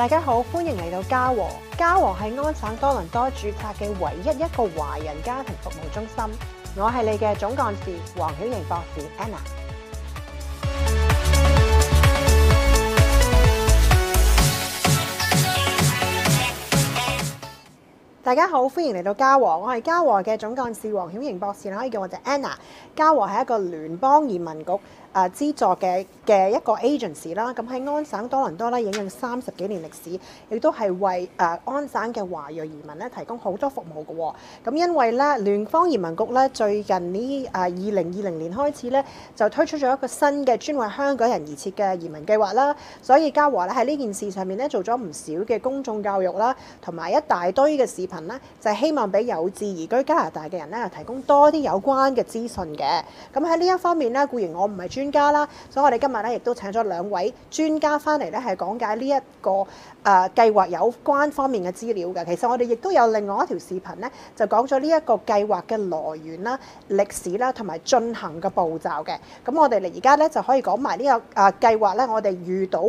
大家好，歡迎嚟到嘉禾。嘉禾係安省多倫多注冊嘅唯一一個華人家庭服務中心。我係你嘅總幹事黃曉瑩博士 Anna。大家好，歡迎嚟到嘉禾。我係嘉禾嘅總幹事黃曉瑩博士，可以叫我做 Anna。嘉禾係一個聯邦移民局，誒資助嘅嘅一個 agency 啦，咁喺安省多倫多咧，擁有三十幾年歷史，亦都係為安省嘅華裔移民呢提供好多服務嘅。咁因為呢聯邦移民局呢，最近呢二零二零年開始呢，就推出咗一個新嘅專為香港人而設嘅移民計劃啦，所以加華呢，喺呢件事上面呢，做咗唔少嘅公眾教育啦，同埋一大堆嘅視頻啦，就係、希望俾有志移居加拿大嘅人呢，提供多啲有關嘅資訊嘅。咁喺呢一方面呢，固然我唔係專家啦，所以我哋今日咧亦都請咗兩位專家翻嚟咧，係講解呢、這、一個誒、呃、計劃有關方面嘅資料嘅。其實我哋亦都有另外一條視頻咧，就講咗呢一個計劃嘅來源啦、歷史啦，同埋進行嘅步驟嘅。咁我哋嚟而家咧就可以講埋呢、這個誒、呃、計劃咧，我哋遇到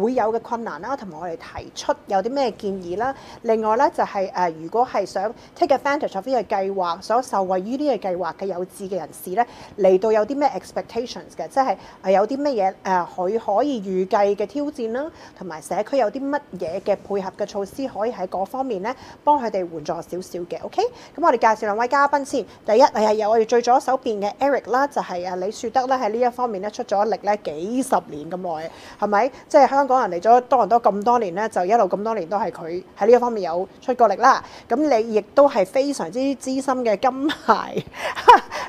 會有嘅困難啦，同埋我哋提出有啲咩建議啦。另外咧就係、是、誒、呃，如果係想 take advantage of 呢個計劃，所受惠於呢個計劃嘅有志嘅人士咧，嚟到有啲咩 expectations 嘅？即係有啲乜嘢誒佢可以預計嘅挑戰啦，同埋社區有啲乜嘢嘅配合嘅措施，可以喺嗰方面咧幫佢哋援助少少嘅。OK，咁我哋介紹兩位嘉賓先。第一係由我哋最左手邊嘅 Eric 啦，就係啊李樹德啦，喺呢一方面咧出咗力咧幾十年咁耐，係咪？即係香港人嚟咗多倫多咁多年咧，就一路咁多年都係佢喺呢一方面有出過力啦。咁你亦都係非常之資深嘅金牌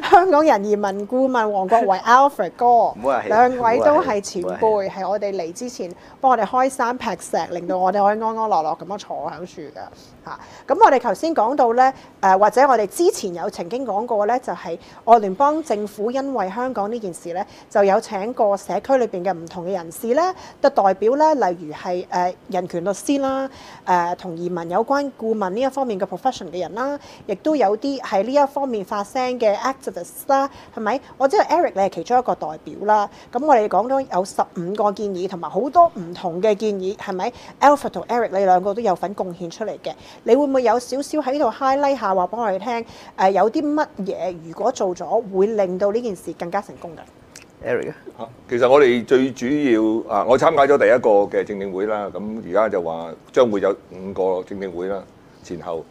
香港人移民顧問黃國維 Alfred 哥。哦、兩位都係前輩，係我哋嚟之前幫我哋開山劈石，令到我哋可以安安樂樂咁樣坐喺樹㗎嚇。咁、啊、我哋頭先講到呢，誒、呃、或者我哋之前有曾經講過呢，就係愛聯邦政府因為香港呢件事呢，就有請過社區裏邊嘅唔同嘅人士咧嘅代表咧，例如係誒、呃、人權律師啦，誒、呃、同移民有關顧問呢一方面嘅 profession 嘅人啦，亦都有啲喺呢一方面發聲嘅 activist 啦，係咪？我知道 Eric 你係其中一個代表。少啦，咁我哋講咗有十五個建議，同埋好多唔同嘅建議，係咪？Alfred 同 Eric，你兩個都有份貢獻出嚟嘅，你會唔會有少少喺度 highlight 下話俾我哋聽？誒，有啲乜嘢如果做咗會令到呢件事更加成功㗎？Eric，啊，其實我哋最主要啊，我參加咗第一個嘅政政會啦，咁而家就話將會有五個政政會啦，前後。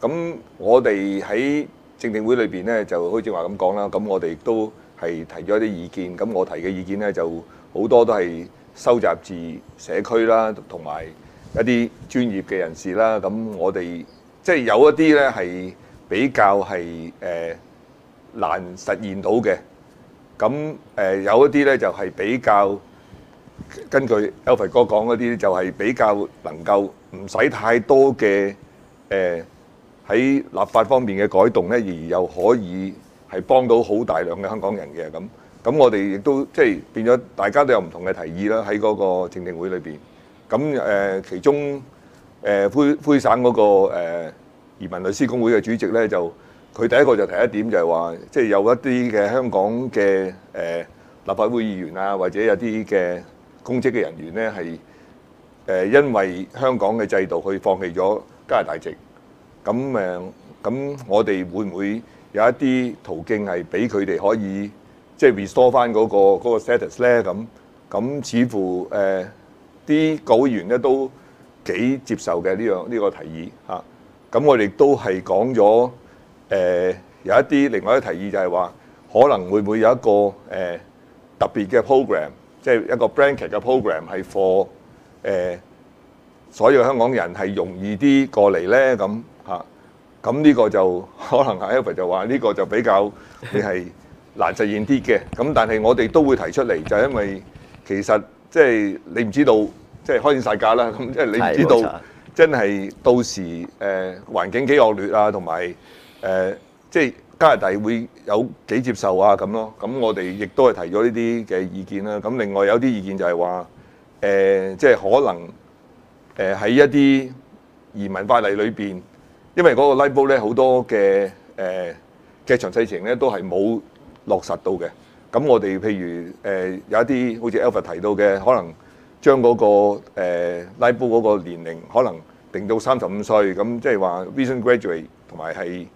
咁我哋喺政政會裏邊咧，就好似話咁講啦，咁我哋都。係提咗一啲意見，咁我提嘅意見咧就好多都係收集自社區啦，同埋一啲專業嘅人士啦。咁我哋即係有一啲咧係比較係誒、呃、難實現到嘅。咁誒、呃、有一啲咧就係、是、比較根據 Alfred 哥講嗰啲，就係、是、比較能夠唔使太多嘅誒喺立法方面嘅改動咧，而又可以。係幫到好大量嘅香港人嘅，咁，咁我哋亦都即係變咗，大家都有唔同嘅提議啦喺嗰個政定會裏邊。咁誒、呃，其中誒、呃、灰灰省嗰、那個、呃、移民律師公會嘅主席咧，就佢第一個就提一點就是說，就係話即係有一啲嘅香港嘅誒、呃、立法會議員啊，或者有啲嘅公職嘅人員咧，係誒因為香港嘅制度去放棄咗加拿大籍。咁誒，咁、呃、我哋會唔會？有一啲途徑係俾佢哋可以即係、就是、restore 翻、那、嗰、個那個 status 咧，咁咁似乎誒啲講員咧都幾接受嘅呢樣呢個提議嚇。咁、啊、我哋都係講咗誒有一啲另外一個提議就係話可能會唔會有一個誒、呃、特別嘅 program，即係一個 blanket 嘅 program 係 for 誒、呃、所有香港人係容易啲過嚟咧咁。咁、這、呢個就可能阿 Elvis 就話呢、這個就比較你係難實現啲嘅。咁但係我哋都會提出嚟，就是、因為其實即係你唔知道，即、就、係、是、開始世界啦。咁即係你唔知道，真係到時誒環、呃、境幾惡劣啊，同埋誒即係加拿大會有幾接受啊咁咯。咁我哋亦都係提咗呢啲嘅意見啦。咁另外有啲意見就係話誒，即、呃、係、就是、可能誒喺、呃、一啲移民法例裏邊。因為嗰個 lifeboat 咧，好多嘅誒嘅詳細情咧，都係冇落實到嘅。咁我哋譬如誒、呃、有一啲好似 Alpha 提到嘅，可能將嗰、那個 lifeboat 個年齡可能定到三十五歲咁，即係話 recent graduate 同埋係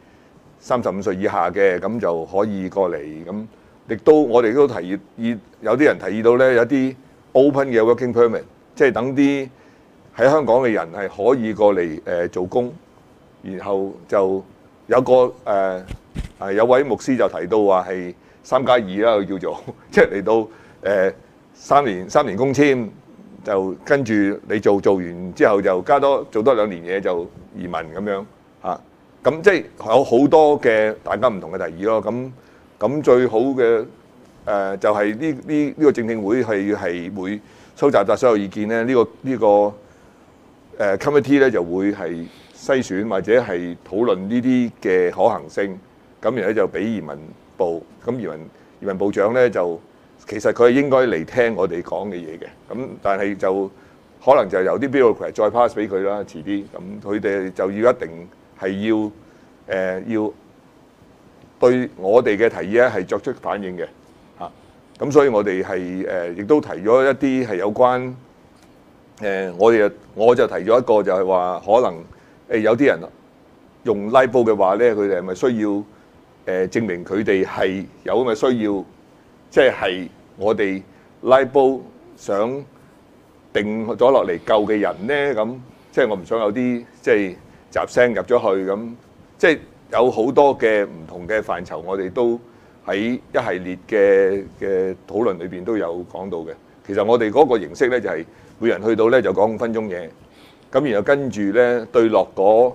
三十五歲以下嘅咁就可以過嚟咁。亦都我哋都提議，有啲人提議到咧有啲 open 嘅 working permit，即係等啲喺香港嘅人係可以過嚟誒、呃、做工。然後就有個、呃、有位牧師就提到話係三加二啦，叫做即係嚟到、呃、三年三年工簽，就跟住你做做完之後就加多做多兩年嘢就移民咁樣嚇，咁、啊嗯、即係有好多嘅大家唔同嘅提議咯。咁、嗯、咁、嗯嗯、最好嘅、呃、就係呢呢呢個政政會係係會收集曬所有意見咧。呢個呢個、這個誒 committee 咧就會係篩選或者係討論呢啲嘅可行性，咁然後就俾移民部，咁移民移民部長咧就其實佢係應該嚟聽我哋講嘅嘢嘅，咁但係就可能就由啲 biographer 再 pass 俾佢啦，遲啲，咁佢哋就要一定係要、呃、要對我哋嘅提議咧係作出反應嘅，嚇，咁所以我哋係、呃、亦都提咗一啲係有關。誒、呃，我哋我就提咗一個就是說，就係話可能誒、欸、有啲人用拉布嘅話咧，佢哋係咪需要誒證明佢哋係有咁嘅需要，即、呃、係、就是、我哋拉布想定咗落嚟救嘅人咧，咁即係我唔想有啲即係雜聲入咗去咁，即係、就是、有好多嘅唔同嘅範疇，我哋都喺一系列嘅嘅討論裏邊都有講到嘅。其實我哋嗰個形式咧就係、是。每人去到咧就講五分鐘嘢，咁然後跟住咧對落嗰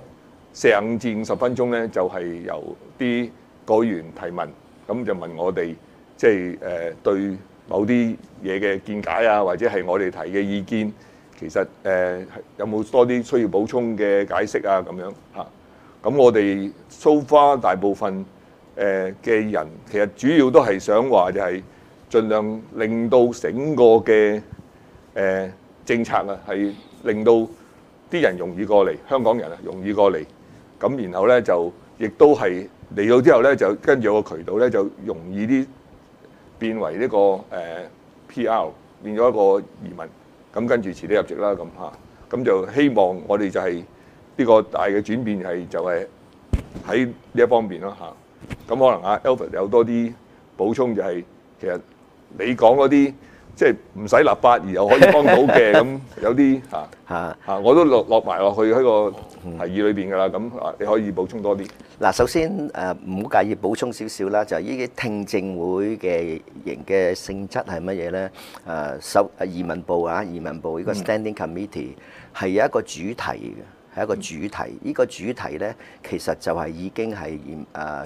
成至五十分鐘咧就係、是、由啲委員提問，咁就問我哋即係誒對某啲嘢嘅見解啊，或者係我哋提嘅意見，其實、呃、有冇多啲需要補充嘅解釋啊咁樣嚇。咁我哋 so far 大部分嘅、呃、人其實主要都係想話就係盡量令到整個嘅政策啊，係令到啲人容易過嚟，香港人啊容易過嚟，咁然後咧就亦都係嚟到之後咧就跟住有個渠道咧就容易啲變為呢、這個誒、呃、PR 變咗一個移民，咁跟住遲啲入籍啦，咁吓，咁就希望我哋就係、是、呢、這個大嘅轉變、就是，係就係喺呢一方面咯吓，咁可能阿 Albert 有多啲補充就係、是、其實你講嗰啲。即係唔使立法而又可以幫到嘅咁，有啲嚇嚇，我都落落埋落去喺個提議裏邊㗎啦。咁啊，你可以補充多啲。嗱，首先誒唔好介意補充少少啦。就呢、係、啲聽證會嘅型嘅性質係乜嘢咧？誒、啊，首移民部啊，移民部呢個 Standing Committee 係、嗯、有一個主題嘅。係一個主題，呢、這個主題呢，其實就係已經係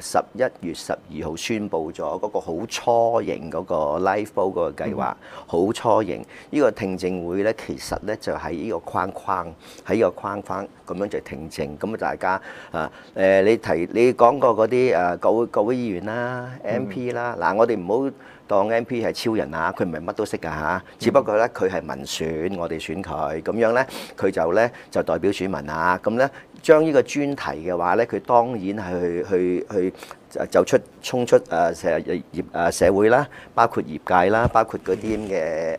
十一月十二號宣布咗嗰個好初型嗰個 Lifeboat 個計劃，好、嗯、初型。呢、這個聽證會呢，其實呢就喺呢個框框，喺個框框咁樣就聽證。咁、呃、啊，大家啊你提你講過嗰啲誒國會國會議員啦、MP 啦、嗯，嗱，我哋唔好。當 M P 係超人啊！佢唔係乜都識㗎吓，只不過咧佢係民選，我哋選佢咁樣咧，佢就咧就代表選民啊！咁咧將呢個專題嘅話咧，佢當然係去去去走出衝出誒成業誒社會啦，包括業界啦，包括嗰啲咁嘅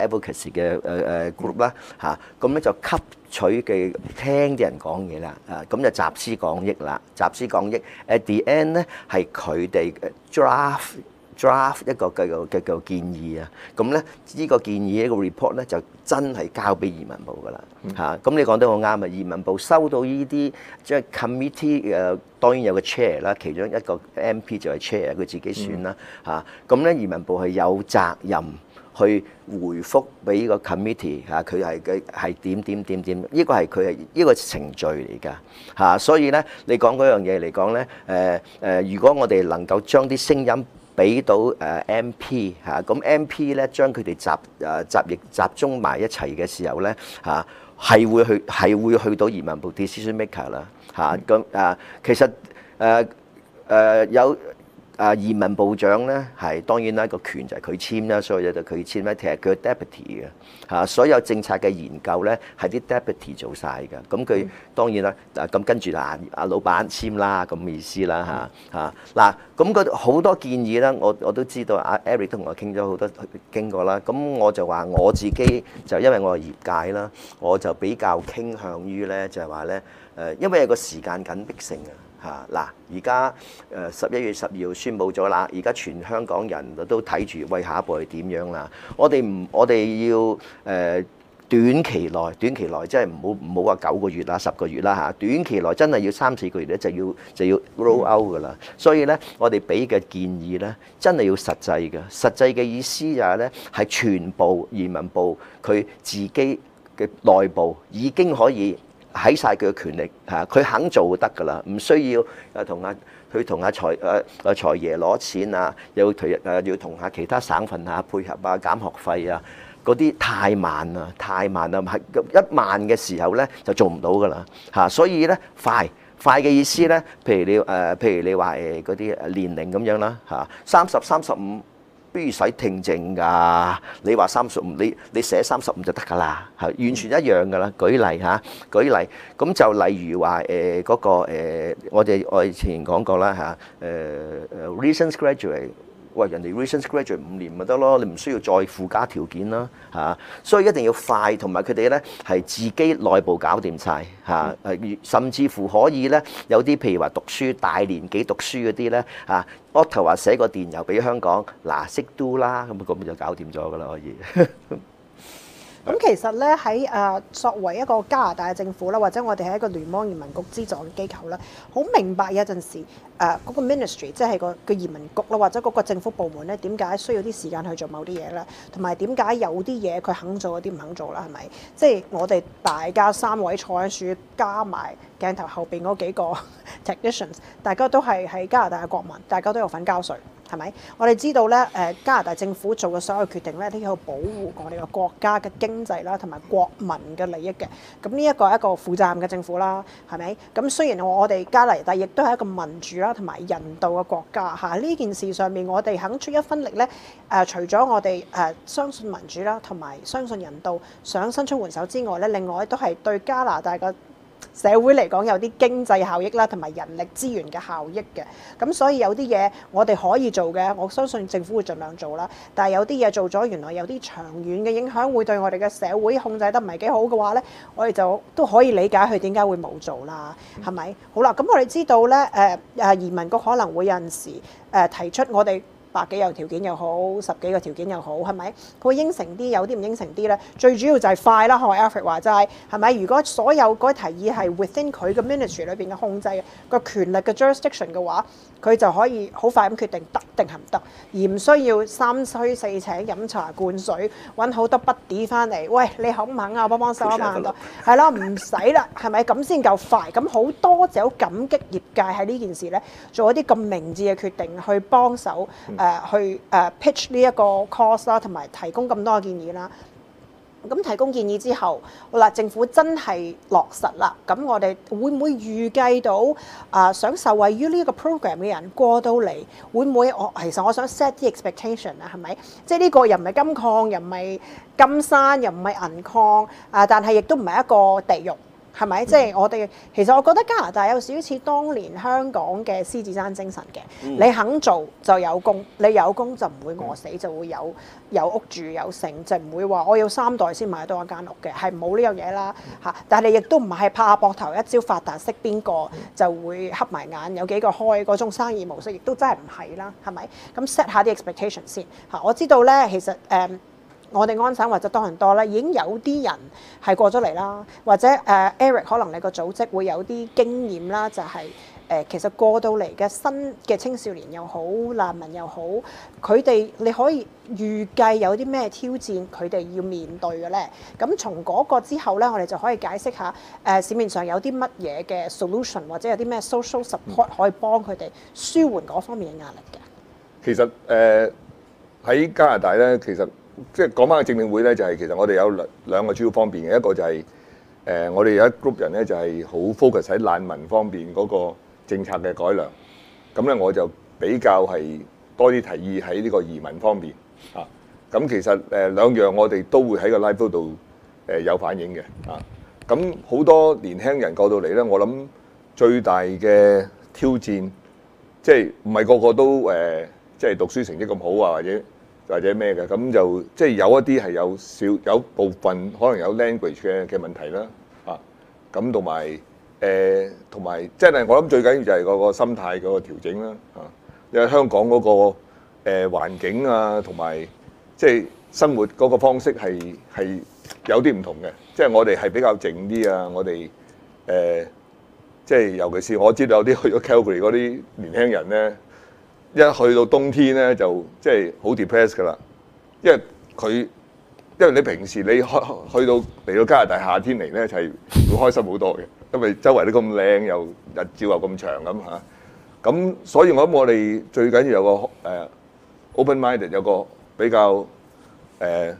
誒 advocates 嘅誒誒 group 啦吓，咁咧就吸取嘅聽啲人講嘢啦，啊咁就集思廣益啦，集思廣益。At the end 咧係佢哋嘅 draft。draft 一個嘅個嘅個建議啊，咁咧呢個建議一個 report 咧就真係交俾移民部㗎啦嚇。咁你講得好啱啊！移民部收到呢啲即係 committee 誒，當然有個 chair 啦，其中一個 MP 就係 chair，佢自己選啦嚇。咁咧移民部係有責任去回覆俾呢個 committee 嚇，佢係嘅係點點點點呢個係佢係呢個程序嚟㗎嚇。所以咧你講嗰樣嘢嚟講咧誒誒，如果我哋能夠將啲聲音俾到誒 MP 嚇，咁 MP 咧將佢哋集誒集液集中埋一齊嘅時候咧吓係會去係會去到移民部 decision maker 啦吓咁誒，嗯、其實誒誒、呃呃、有。啊，移民部長咧係當然啦，個權就係佢簽啦，所以就佢簽咧。其實佢係 deputy 嘅嚇，所有政策嘅研究咧係啲 deputy 做晒㗎。咁佢、嗯、當然啦，咁跟住阿阿老闆簽啦，咁嘅意思啦嚇嚇。嗱、嗯啊，咁個好多建議咧，我我都知道阿 Eric 都同我傾咗好多經過啦。咁我就話我自己就因為我係業界啦，我就比較傾向於咧就係話咧誒，因為有個時間緊迫性啊。嚇嗱，而家誒十一月十二號宣佈咗啦，而家全香港人都睇住，喂，下一步係點樣啦？我哋唔，我哋要誒短期內，短期內即係唔好唔好話九個月啦、十個月啦嚇，短期內真係要三四個月咧，就要就要 roll out 噶啦。所以咧，我哋俾嘅建議咧，真係要實際嘅。實際嘅意思就係、是、咧，係全部移民部佢自己嘅內部已經可以。喺晒佢嘅權力嚇，佢肯做就得㗎啦，唔需要誒同阿佢同阿財誒阿財爺攞錢啊，又要同誒要同下其他省份啊配合啊減學費啊，嗰啲太慢啦，太慢啦，係一慢嘅時候咧就做唔到㗎啦嚇，所以咧快快嘅意思咧，譬如你誒譬如你話誒嗰啲年齡咁樣啦嚇，三十，三十五。不如使聽證㗎，你話三十五，你你寫三十五就得㗎啦，係完全一樣㗎啦。舉例吓，舉例，咁就例如話誒嗰個、呃、我哋我以前講過啦嚇，誒誒 recent graduate。喂，人哋 recent graduate 五年咪得咯，你唔需要再附加條件啦，嚇，所以一定要快，同埋佢哋咧係自己內部搞掂晒，嚇，甚至乎可以咧有啲譬如話讀書大年紀讀書嗰啲咧，嚇，阿頭話寫個電郵俾香港，嗱識 do 啦，咁啊嗰邊就搞掂咗噶啦，可以。 咁其實咧喺誒作為一個加拿大嘅政府啦，或者我哋係一個聯邦移民局資助嘅機構啦，好明白有陣時誒嗰個 ministry 即係個個移民局啦，或者嗰個政府部門咧，點解需要啲時間去做某啲嘢咧？同埋點解有啲嘢佢肯做嗰啲唔肯做啦？係咪？即係我哋大家三位坐喺處加埋鏡頭後邊嗰幾個 technicians，大家都係喺加拿大嘅國民，大家都有份交稅。係咪？我哋知道咧，誒加拿大政府做嘅所有的決定咧，都要保護我哋嘅國家嘅經濟啦，同埋國民嘅利益嘅。咁呢一個係一個負責任嘅政府啦，係咪？咁雖然我哋加拿大亦都係一個民主啦，同埋人道嘅國家嚇。呢件事上面，我哋肯出一分力咧，誒、呃、除咗我哋誒、呃、相信民主啦，同埋相信人道，想伸出援手之外咧，另外都係對加拿大嘅。社會嚟講有啲經濟效益啦，同埋人力資源嘅效益嘅，咁所以有啲嘢我哋可以做嘅，我相信政府會盡量做啦。但係有啲嘢做咗，原來有啲長遠嘅影響會對我哋嘅社會控制得唔係幾好嘅話呢，我哋就都可以理解佢點解會冇做啦，係、嗯、咪？好啦，咁我哋知道呢，誒、呃、移民局可能會有陣時誒、呃、提出我哋。百幾個條件又好，十幾個條件又好，係咪？佢會應承啲，有啲唔應承啲啦。最主要就係快啦。我話 Alfred 話齋，係咪？如果所有嗰提議係 within 佢嘅 ministry 裏邊嘅控制，個權力嘅 jurisdiction 嘅話。佢就可以好快咁決定得定係唔得，而唔需要三催四請飲茶灌水，揾好多筆字翻嚟。喂，你肯唔肯啊？幫幫手啊嘛，係 咯、嗯，唔使啦，係咪咁先夠快？咁好多謝好感激業界喺呢件事咧，做一啲咁明智嘅決定去幫手、呃、去 pitch 呢一個 course 啦，同埋提供咁多建議啦。咁提供建議之後，嗱政府真係落實啦。咁我哋會唔會預計到啊、呃、想受惠於呢一個 program 嘅人過到嚟？會唔會我、哦、其實我想 set 啲 expectation 啊？係咪？即係呢個又唔係金礦，又唔係金山，又唔係銀礦啊、呃！但係亦都唔係一個地獄。係咪？嗯、即係我哋其實我覺得加拿大有少少似當年香港嘅獅子山精神嘅。你肯做就有工，你有工就唔會餓死，就會有有屋住有成就唔會話我要三代先買到一間屋嘅，係冇呢樣嘢啦嚇。嗯、但係你亦都唔係拍下膊頭一朝發達，識邊個就會黑埋眼，有幾個開嗰種生意模式也真的不是，亦都真係唔係啦，係咪？咁 set 下啲 expectation 先嚇。我知道咧，其實誒。嗯我哋安省或者多倫多啦，已經有啲人係過咗嚟啦。或者誒，Eric 可能你個組織會有啲經驗啦，就係、是、誒、呃,其實過到嚟嘅新嘅青少年又好，難民又好，佢哋你可以預計有啲咩挑戰佢哋要面對嘅咧？咁從嗰個之後咧，我哋就可以解釋下誒、呃、市面上有啲乜嘢嘅 solution，或者有啲咩 social support 可以幫佢哋舒緩嗰方面嘅壓力嘅。其實誒喺加拿大咧，其實。呃即係講翻個正面會咧，就係、是、其實我哋有兩個主要方面嘅，一個就係、是、誒、呃，我哋有一 group 人咧，就係、是、好 focus 喺難民方面嗰個政策嘅改良。咁咧我就比較係多啲提議喺呢個移民方面啊。咁其實誒兩、呃、樣我哋都會喺個 live show 度誒有反映嘅啊。咁好多年輕人過到嚟咧，我諗最大嘅挑戰即係唔係個個都誒即係讀書成績咁好啊，或者？或者咩嘅咁，就即係、就是、有一啲係有少有部分可能有 language 嘅嘅問題啦，啊，咁同埋誒，同埋即係我諗最緊要就係嗰個心態嗰個調整啦，啊，因為香港嗰、那個誒、呃、環境啊，同埋即係生活嗰個方式係係有啲唔同嘅，即、就、係、是、我哋係比較靜啲啊，我哋誒即係尤其是我知道有啲去咗 Calgary 嗰啲年輕人咧。一去到冬天咧，就即係好 depressed 噶啦，因為佢因為你平時你開去到嚟到加拿大夏天嚟咧，就係、是、會開心好多嘅，因為周圍都咁靚又日照又咁長，咁、啊、吓，咁所以我諗我哋最緊要有個誒、呃、open minded，有個比較誒、呃、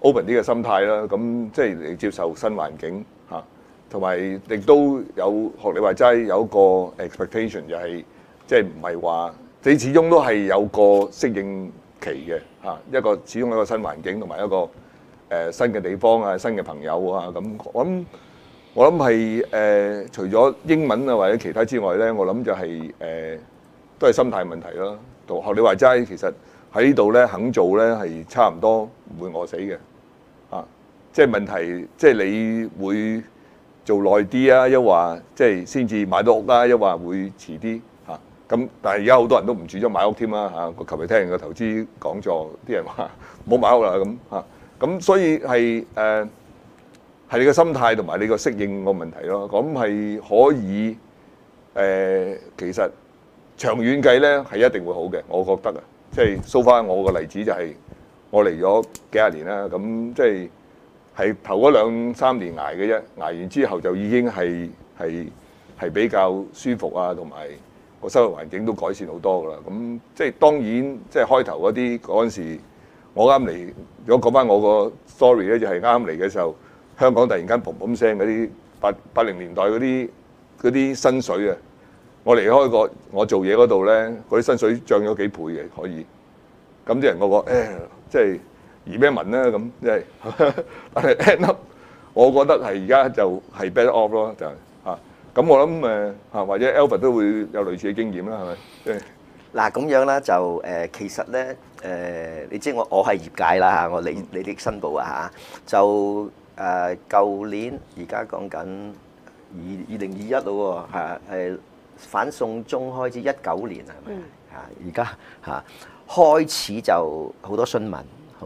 open 啲嘅心態啦。咁、啊、即係你接受新環境吓，同埋亦都有學你話齋有個 expectation，就係即係唔係話。就是你始終都係有個適應期嘅嚇，一個始終一個新環境同埋一個誒、呃、新嘅地方啊，新嘅朋友啊咁，咁我諗我諗係誒除咗英文啊或者其他之外咧，我諗就係、是、誒、呃、都係心態問題咯。同學你話齋，其實喺呢度咧肯做咧係差唔多唔會餓死嘅啊！即係問題，即係你會做耐啲啊，抑或即係先至買到屋啦，抑或會遲啲。咁，但係而家好多人都唔主張買屋添啦嚇。我求其聽人個投資講座，啲人話冇買屋啦咁嚇。咁所以係誒係你個心態同埋你個適應個問題咯。咁係可以誒、呃，其實長遠計咧係一定會好嘅，我覺得啊，即係 show 翻我個例子就係、是、我嚟咗幾廿年啦。咁即係係頭嗰兩三年捱嘅啫，捱完之後就已經係係係比較舒服啊，同埋。個生活環境都改善好多㗎啦，咁即係當然，即係開頭嗰啲嗰陣時，我啱嚟，如果講返我個 story 咧，就係啱嚟嘅時候，香港突然間嘭嘭聲嗰啲八八零年代嗰啲嗰啲薪水啊，我離開過我做嘢嗰度咧，嗰啲薪水漲咗幾倍嘅可以，咁啲人我講即係移民啦、啊、咁，即係，但係 end up，我覺得係而家就係 better off 咯就係。咁我諗誒嚇，或者 Alvin 都會有類似嘅經驗啦，係咪？嗱咁樣啦，就誒其實咧誒，你知道我我係業界啦嚇，我你理啲申報啊嚇，就誒舊年而家講緊二二零二一咯喎嚇誒反送中開始一九年係咪啊？而家嚇開始就好多新聞。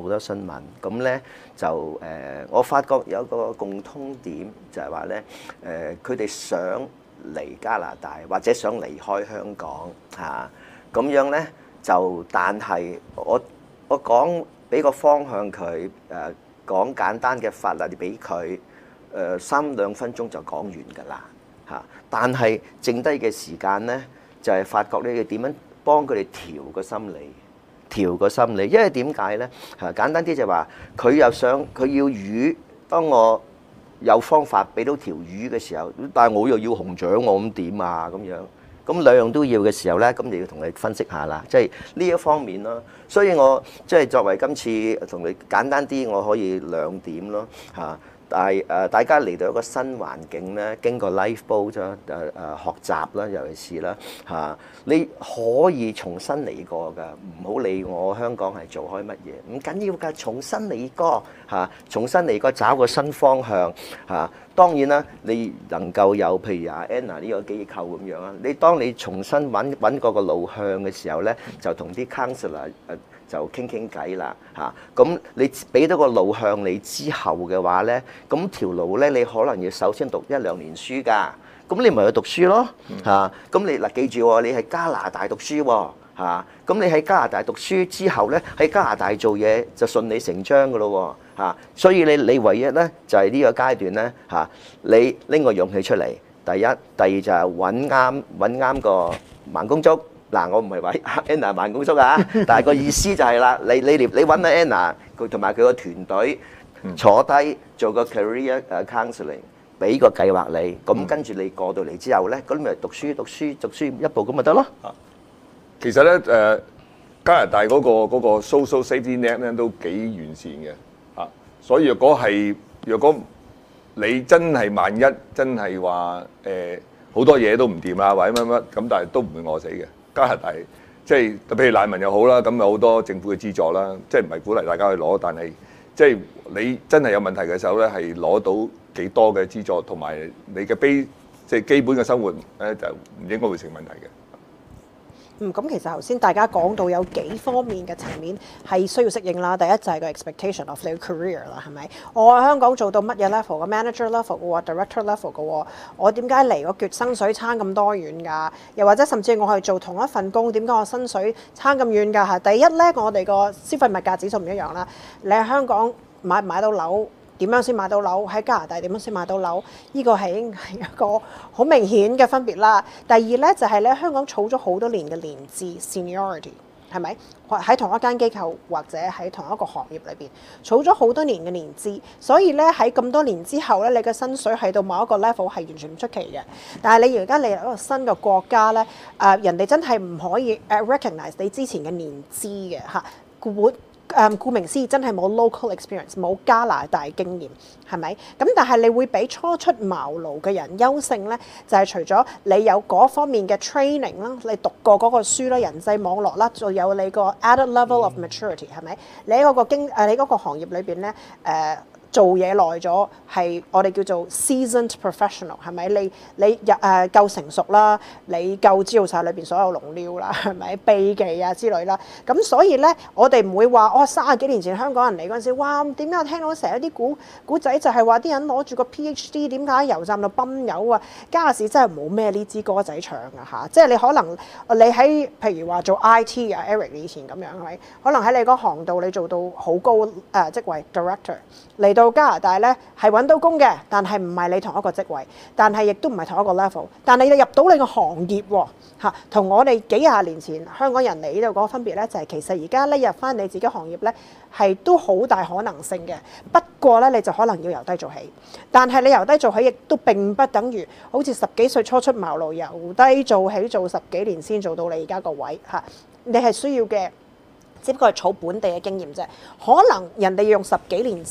好多新聞咁咧就誒，我發覺有一個共通點就係話咧誒，佢哋想嚟加拿大或者想離開香港嚇，咁樣咧就但係我我講俾個方向佢誒，講簡單嘅法律俾佢誒，三兩分鐘就講完㗎啦嚇，但係剩低嘅時間咧就係發覺你哋點樣幫佢哋調個心理。調個心理，因為點解咧？嚇，簡單啲就話、係、佢又想佢要魚，當我有方法俾到條魚嘅時候，但係我又要熊掌，我咁點啊？咁樣，咁兩樣都要嘅時候咧，咁你要同你分析一下啦。即係呢一方面咯，所以我即係、就是、作為今次同你簡單啲，我可以兩點咯，嚇。但係誒，大家嚟到一個新環境咧，經過 life boat 啫，誒誒學習啦，尤其是啦嚇，你可以重新嚟過㗎，唔好理我香港是做什麼，係做開乜嘢，唔緊要㗎，重新嚟過嚇，重新嚟過找個新方向嚇。當然啦，你能夠有譬如阿 Anna 呢個機構咁樣啊，你當你重新揾揾過個路向嘅時候咧，就同啲 counselor 嚟。就傾傾偈啦，嚇！咁你俾到個路向你之後嘅話呢，咁條路呢，你可能要首先讀一兩年書噶，咁你咪去讀書咯，嚇！咁你嗱記住喎，你喺加拿大讀書喎，嚇！咁你喺加拿大讀書之後呢，喺加拿大做嘢就順理成章嘅咯，嚇！所以你你唯一呢，就係呢個階段呢。嚇！你拎個勇氣出嚟，第一、第二就係揾啱揾啱個盲工足。嗱，我唔係話 Anna 辦公室啊，但係個意思就係啦。你你哋你揾阿 Anna 佢同埋佢個團隊坐低做個 career counselling，俾個計劃你。咁跟住你過到嚟之後咧，咁咪讀書讀書讀書一步咁咪得咯。其實咧，誒加拿大嗰個嗰個 social safety net 咧都幾完善嘅嚇。所以若果係若果你真係萬一真係話誒好多嘢都唔掂啦，或者乜乜咁，但係都唔會餓死嘅。加拿大，即係譬如難民又好啦，咁有好多政府嘅資助啦，即係唔係鼓勵大家去攞，但係即係你真係有問題嘅時候咧，係攞到幾多嘅資助，同埋你嘅 basic 即係基本嘅生活咧，就唔應該會成問題嘅。嗯，咁其實頭先大家講到有幾方面嘅層面係需要適應啦。第一就係個 expectation of your career 啦，係咪？我喺香港做到乜嘢 level 嘅 manager level 嘅喎，director level 嘅喎，我點解嚟個決薪水差咁多遠㗎？又或者甚至我係做同一份工，點解我薪水差咁遠㗎？吓，第一呢，我哋個消費物價指數唔一樣啦。你喺香港買唔買到樓？點樣先買到樓？喺加拿大點樣先買到樓？呢個係已經係一個好明顯嘅分別啦。第二咧就係你喺香港儲咗好多年嘅年資 （seniority），係咪？喺同一間機構或者喺同一個行業裏邊儲咗好多年嘅年資，所以咧喺咁多年之後咧，你嘅薪水去到某一個 level 係完全唔出奇嘅。但係你而家你嚟嗰個新嘅國家咧，誒人哋真係唔可以誒 recognize 你之前嘅年資嘅嚇。誒，顧名思義，真係冇 local experience，冇加拿大經驗，係咪？咁但係你會畀初出茅廬嘅人優勝咧，就係、是、除咗你有嗰方面嘅 training 啦，你讀過嗰個書啦，人際網絡啦，仲有你個 added level of maturity，係咪？你喺嗰個經誒，你嗰個行業裏邊咧誒。呃做嘢耐咗，係我哋叫做 seasoned professional，係咪？你你日誒、呃、夠成熟啦，你夠知道晒裏邊所有龍料啦，係咪？秘技啊之類啦，咁所以咧，我哋唔會話哦，卅幾年前香港人嚟嗰陣時，哇！點解我聽到成日啲古古仔就係話啲人攞住個 PhD，點解喺油站度泵油啊？家下真係冇咩呢支歌仔唱啊！嚇，即係你可能你喺譬如話做 IT 啊，Eric 以前咁樣係咪？可能喺你嗰行度你做到好高誒即為 director 嚟到。到加拿大咧，係揾到工嘅，但係唔係你同一個職位，但係亦都唔係同一個 level。但係你入到你個行業嚇、哦，同我哋幾廿年前香港人嚟呢度嗰個分別咧，就係、是、其實而家咧入翻你自己的行業咧，係都好大可能性嘅。不過咧，你就可能要由低做起，但係你由低做起亦都並不等於好似十幾歲初出茅廬，由低做起做十幾年先做到你而家個位嚇、啊。你係需要嘅，只不過係儲本地嘅經驗啫。可能人哋要用十幾年，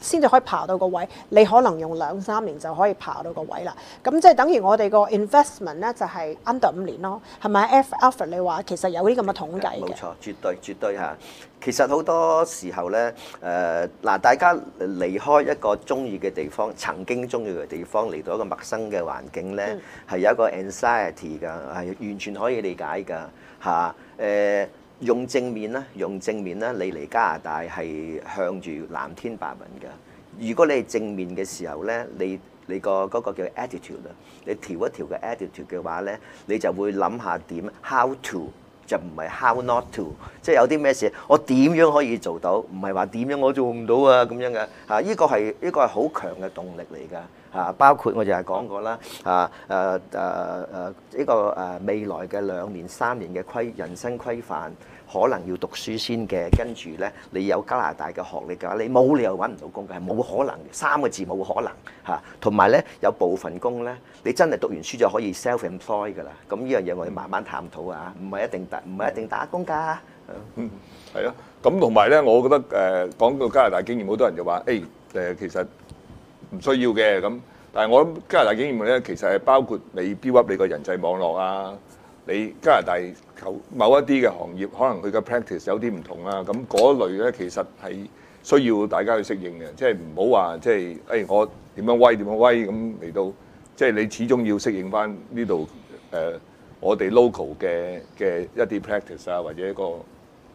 先至可以爬到個位，你可能用兩三年就可以爬到個位啦。咁即係等於我哋個 investment 咧，就係 under 五年咯，係咪？Alfred，你話其實有啲咁嘅統計。冇錯，絕對絕對嚇。其實好多時候咧，誒、呃、嗱，大家離開一個中意嘅地方，曾經中意嘅地方嚟到一個陌生嘅環境咧，係有一個 anxiety 㗎，係完全可以理解㗎嚇。誒、呃。用正面啦，用正面啦，你嚟加拿大係向住藍天白雲㗎。如果你係正面嘅時候咧，你你個嗰、那個叫 attitude 啊，你調一調個 attitude 嘅話咧，你就會諗下點 how to，就唔係 how not to，即係有啲咩事，我點樣可以做到？唔係話點樣我做唔到啊咁樣嘅嚇，依、這個係依、這個係好強嘅動力嚟㗎。啊，包括我就係講過啦，啊，誒，誒，誒，呢個誒未來嘅兩年、三年嘅規人生規範，可能要讀書先嘅，跟住咧，你有加拿大嘅學歷嘅話，你冇理由搵唔到工嘅，係冇可能，三個字冇可能吓。同埋咧，有部分工咧，你真係讀完書就可以 self-employ 㗎啦。咁呢樣嘢我哋慢慢探討啊，唔係一定打，唔係一定打工㗎。嗯，係啊。咁同埋咧，我覺得誒講到加拿大經驗，好多人就話，誒，誒其實。唔需要嘅。咁，但係我諗加拿大經驗咧，其實係包括你 build up 你個人際網絡啊。你加拿大某某一啲嘅行業，可能佢嘅 practice 有啲唔同啊。咁嗰類咧，其實係需要大家去適應嘅，即係唔好話即係誒我點樣威點樣威咁嚟到，即係你始終要適應返呢度誒我哋 local 嘅嘅一啲 practice 啊，或者一個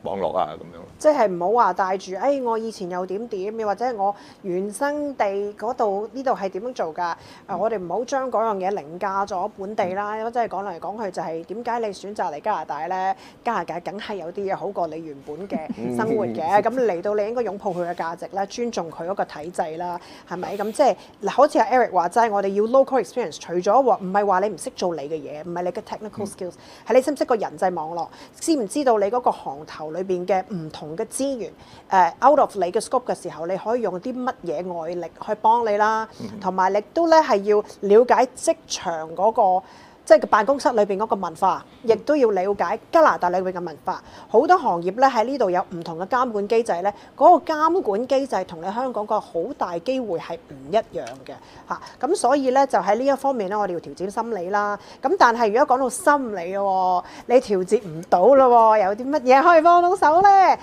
網絡啊咁樣即係唔好話帶住，誒、哎、我以前又點點，又或者我原生地嗰度呢度係點樣做㗎？誒、嗯啊、我哋唔好將嗰樣嘢凌駕咗本地啦，因、嗯、為即係講嚟講去就係點解你選擇嚟加拿大咧？加拿大梗係有啲嘢好過你原本嘅生活嘅，咁、嗯、嚟到你應該擁抱佢嘅價值啦，尊重佢嗰個體制啦，係咪？咁即係嗱，好似阿 Eric 話齋，我哋要 local experience，除咗話唔係話你唔識做你嘅嘢，唔係你嘅 technical skills，係、嗯、你識唔識個人際網絡，知唔知道你嗰個行頭？裏邊嘅唔同嘅資源，誒，out of 你嘅 scope 嘅時候，你可以用啲乜嘢外力去幫你啦，同埋你都咧係要了解職場嗰個即係個辦公室裏邊嗰個文化，亦都要了解加拿大裏邊嘅文化。好多行業咧喺呢度有唔同嘅監管機制咧，嗰個監管機制同你香港個好大機會係唔一樣嘅嚇。咁所以咧就喺呢一方面咧，我哋要調整心理啦。咁但係如果講到心理喎，你調節唔到啦喎，有啲乜嘢可以幫到手咧？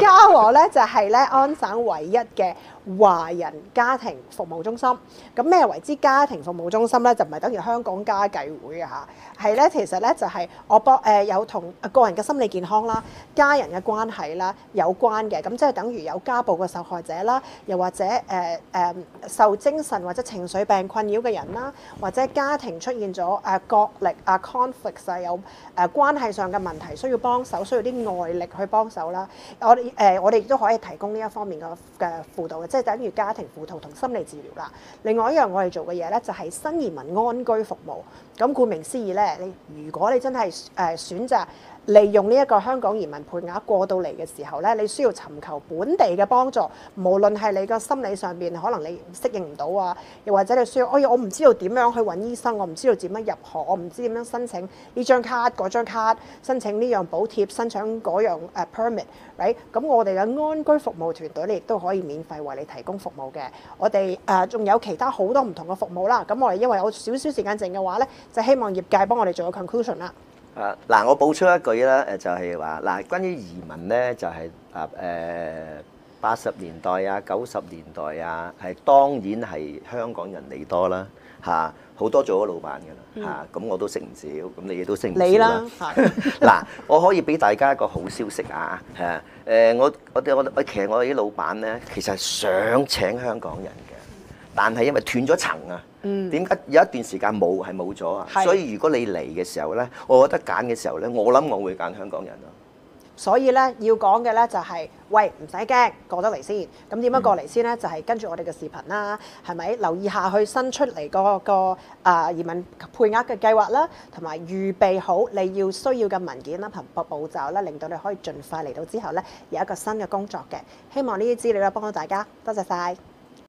家和咧就係咧安省唯一嘅。華人家庭服務中心，咁咩為之家庭服務中心咧？就唔係等於香港家計會啊。係咧，其實咧就係、是、我博有同個人嘅心理健康啦、家人嘅關係啦有關嘅，咁即係等於有家暴嘅受害者啦，又或者、呃呃、受精神或者情緒病困擾嘅人啦，或者家庭出現咗誒角力啊 conflict 啊有誒關係上嘅問題需，需要幫手，需要啲外力去幫手啦。我哋誒、呃、我哋都可以提供呢一方面嘅嘅輔導嘅，即係等於家庭輔導同心理治療啦。另外一樣我哋做嘅嘢咧，就係新移民安居服務。咁顧名思義咧，你如果你真係誒選擇，利用呢一個香港移民配額過到嚟嘅時候咧，你需要尋求本地嘅幫助，無論係你個心理上面可能你適應唔到啊，又或者你需要，哎我唔知道點樣去揾醫生，我唔知道點樣入學，我唔知點樣申請呢張卡嗰張卡，申請呢樣補貼，申請嗰樣 permit，咁我哋嘅安居服務團隊亦都可以免費為你提供服務嘅。我哋誒仲有其他好多唔同嘅服務啦。咁我哋因為有少少時間剩嘅話咧，就希望業界幫我哋做個 conclusion 啦。嗱，我補出一句啦，誒就係話嗱，關於移民咧，就係啊誒八十年代啊、九十年代啊，係當然係香港人嚟多啦嚇，好多做咗老闆噶啦嚇，咁、嗯啊、我都識唔少，咁你亦都識唔少啦。嗱， 我可以俾大家一個好消息啊，係、啊、誒我我我其實我哋啲老闆咧，其實想請香港人嘅。但係因為斷咗層啊，點解有一段時間冇係冇咗啊？所以如果你嚟嘅時候呢，我覺得揀嘅時候呢，我諗我會揀香港人啊。所以呢，要講嘅呢就係，喂唔使驚，過咗嚟先。咁點樣過嚟先呢？就係跟住我哋嘅視頻啦，係咪？留意下去新出嚟嗰個啊移民配額嘅計劃啦，同埋預備好你要需要嘅文件啦，憑步步驟啦，令到你可以盡快嚟到之後呢有一個新嘅工作嘅。希望呢啲資料咧幫到大家，多謝晒。